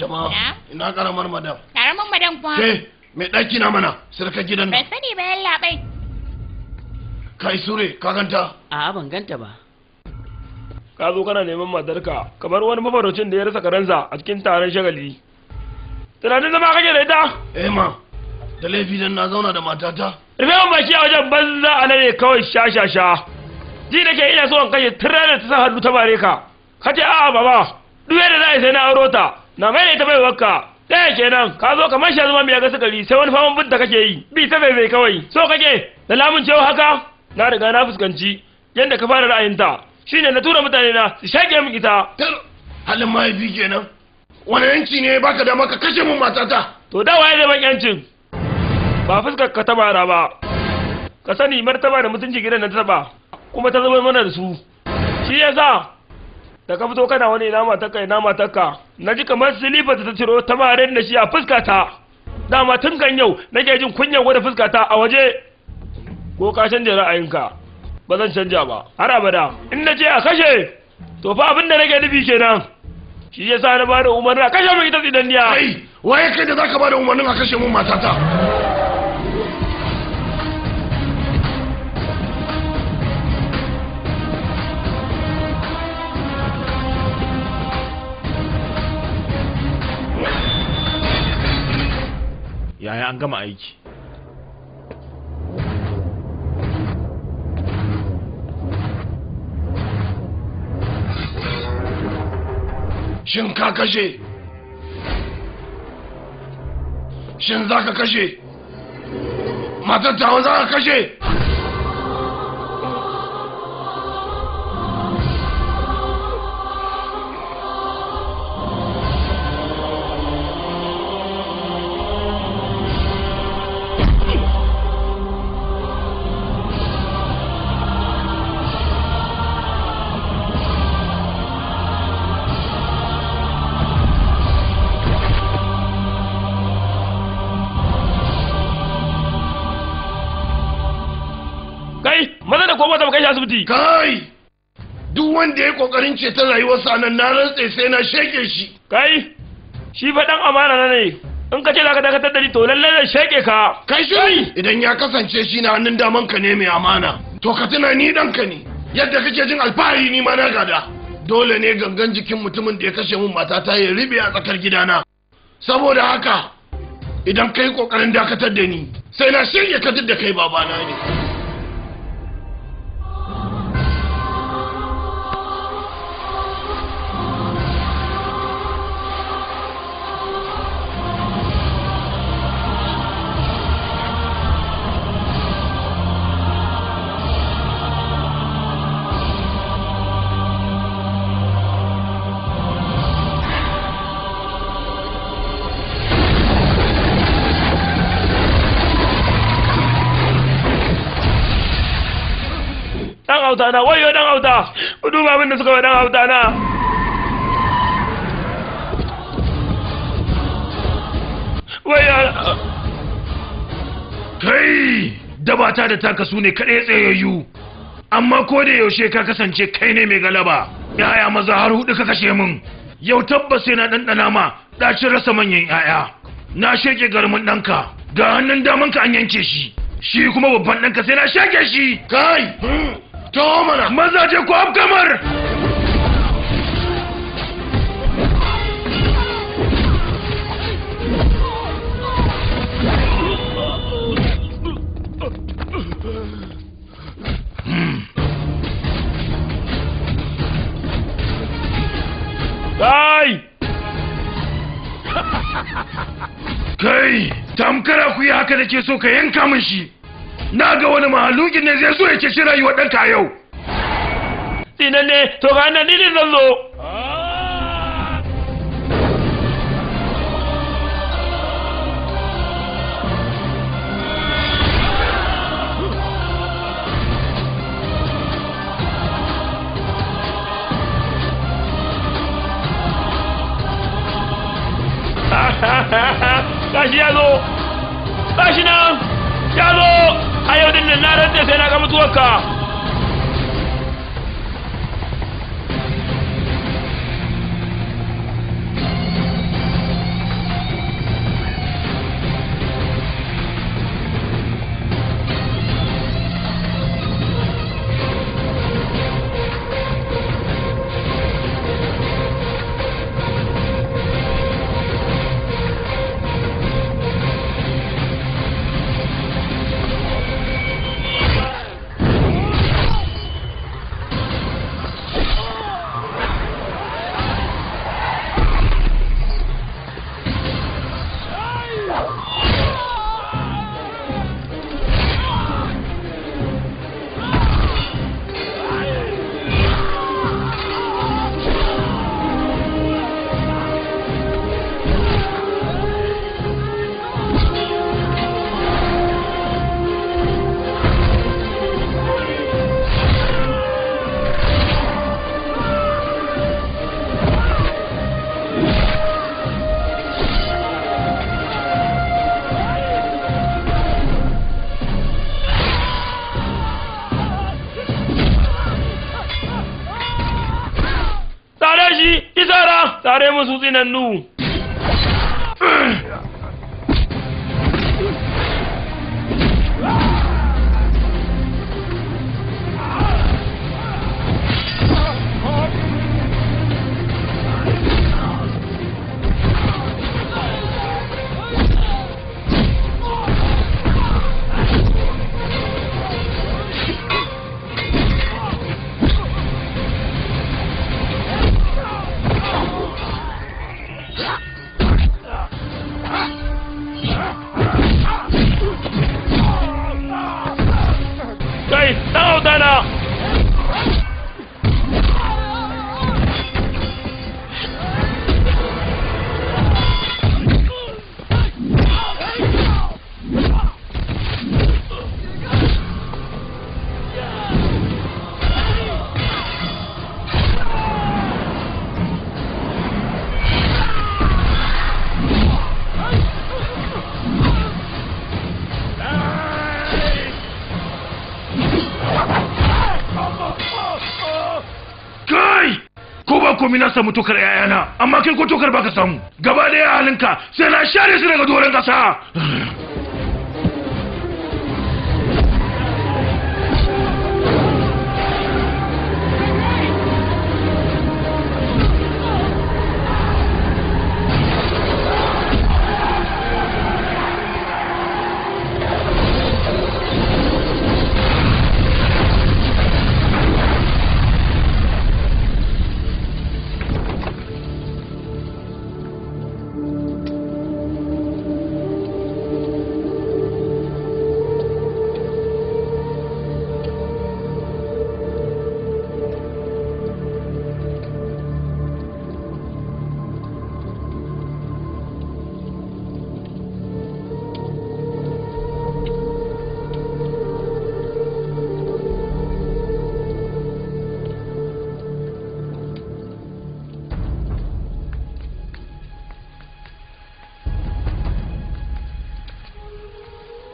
jama'a ina karamar madam karamar madam kuma ke mai ɗaki na mana sirka gidan nan sani ba yalla bai kai sure ka ganta a ban ganta ba ka zo kana neman matarka kamar wani mafarocin da ya rasa karansa a cikin taron shagali tunanin zama kake da ita eh ma da laifi dan na zauna da matata rufe mun baki a wajen banza a nan ne kawai shashasha ji da ke ina so in kashe tirar da ta sa hannu ta bare ka kace a'a baba duk da za a yi sai na auro ta na mai da ita bai wakka ɗaya kenan ka zo kamar shi zuma miya ga gari sai wani faman budda kake yi bi ta zai kawai so kake da lamun cewa haka na riga na fuskanci yadda ka fara ra'ayinta shine na tura mutane na su shaƙe min ita halin mahaifi kenan wani yanki ne baka da maka kashe mun matata to da waye zai yancin ba fuskar ka tabara ba ka sani martaba da mutunci gidan na taba kuma ta zama mana da su shi yasa da ka fito kana wani ina matarka ina matarka na ji kamar silifa ta ciro ta da shi a fuskata dama tun kan yau nake jin kunyar gwada fuskata a waje ko ka canja ra'ayinka ba zan canja ba har abada in na ce a kashe to fa abin da nake nufi kenan shi ya sa na ba umarni a kashe mu ita tsidanniya kai kai da zaka ba da umarnin a kashe mun matata an gama aiki shin ka kashe shin za ka kashe matar za ka kashe asibiti kai duk wanda ya kokarin ceton rayuwarsa nan na rantse sai na sheke shi kai shi fa dan amana ne in ka ce za ka dakatar da ni to lallai da sheke ka kai shiri idan ya kasance shi na hannun daman ka ne mai amana to ka tuna ni dan ka ne yadda kake jin alfahari ni ma na gada dole ne gangan jikin mutumin da ya kashe mun matata ya ribe a tsakar gidana saboda haka idan kai kokarin dakatar da ni sai na shirya ka da kai babana ne auta na dan auta ku duba abin da suka wa dan auta na ya uh, kai dabata da taka su ne kaɗai tsayayyu amma ko da yaushe ka kasance kai ne mai galaba yaya maza har hudu ka kashe min yau tabbas sai na ɗanɗana ma ɗacin rasa manyan yaya na sheke garmin ɗanka ga hannun daman ka an yanke shi shi kuma babban ɗanka sai na shake shi kai ta mana maza ce ku kamar Kai! Kai! Tamkara ku yi haka da ke so ka yanka mashi shi! na wani mahaluki ne zai so ya ce shirayi wa ɗanka yau tsinanne to ga nan ne zan zo Gashi ya zo! yau din nan na rantsa sai na ga mutuwarka جی سارا سارے مسوسی ننو komi na samu tokar ƴaƴana amma kai ko tokar baka samu gaba daya halinka sai na share su daga doren kasa.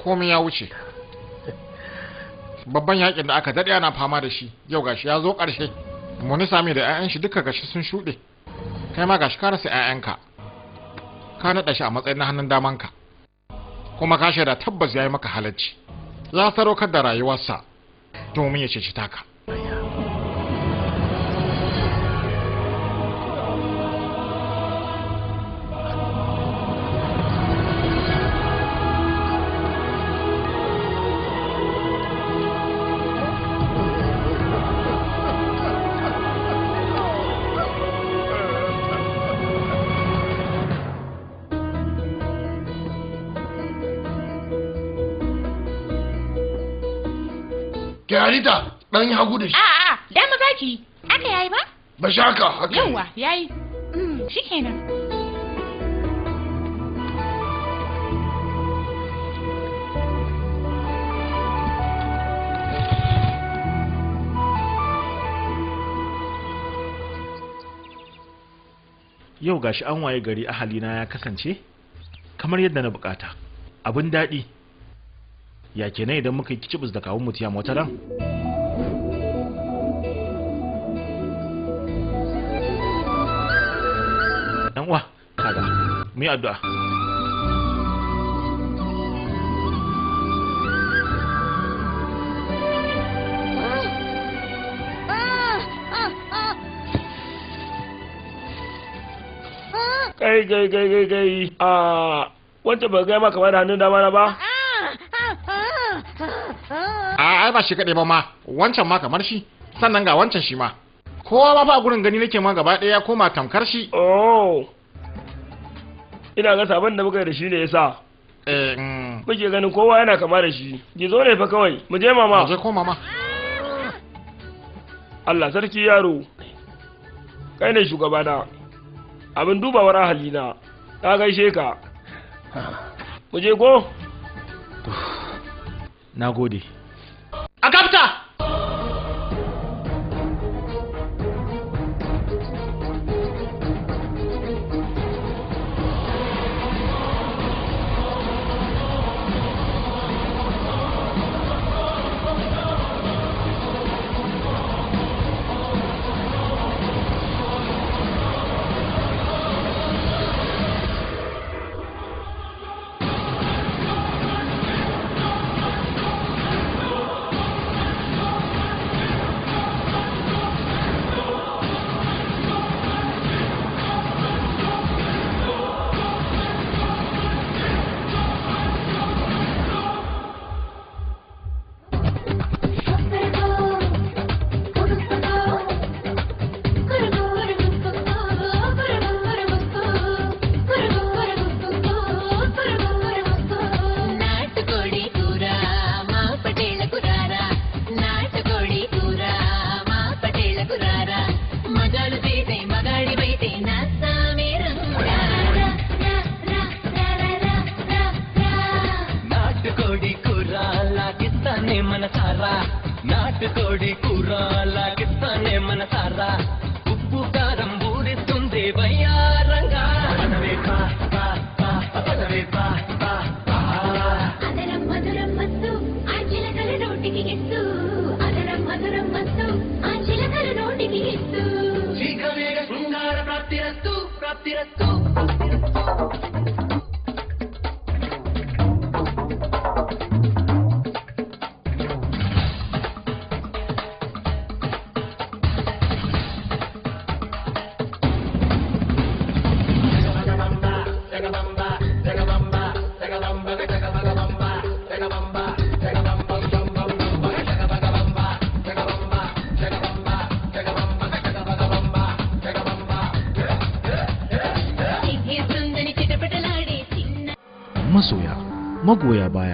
komai ya wuce babban yakin da aka daɗe ana fama da shi yau gashi ya zo ƙarshe muni sami da 'ya'yan shi duka gashi sun shuɗe kai ma gashi ka rasa 'ya'yanka ka naɗa shi a matsayin na hannun ka kuma ka shaida tabbas ya yi maka halarci ya sadaukar da rayuwarsa domin ya ce ceci taka yarita yi hagu da shi a'a dama zaki aka yayi ba ba shaka haka yawa yayi mm, shikenan yau gashi an waye gari ahalina ya kasance kamar yadda na bukata abin daɗi ya kenan idan muka yi kicibis da kawun mutiya motaran dan uwa kaga mu yi addu'a kai kai kai kai kai a ah, wancan ba gaya maka wani hannun dama na ba? a ai ba shi kade ba ma wancan ma kamar shi sannan ga wancan shi ma kowa ma fa gurin gani nake ma gaba ɗaya ya koma tamkar shi oh ina ga sabon da muka da shi ne yasa eh mm. muke ganin kowa yana kama da shi ki zo ne fa kawai mu je mama mu je ko mama Allah sarki yaro kai ne shugabana abin dubawar ahalina ta gaishe ka ah. mu je ko na gode agapta conspira todo, conspira todo. magoya baya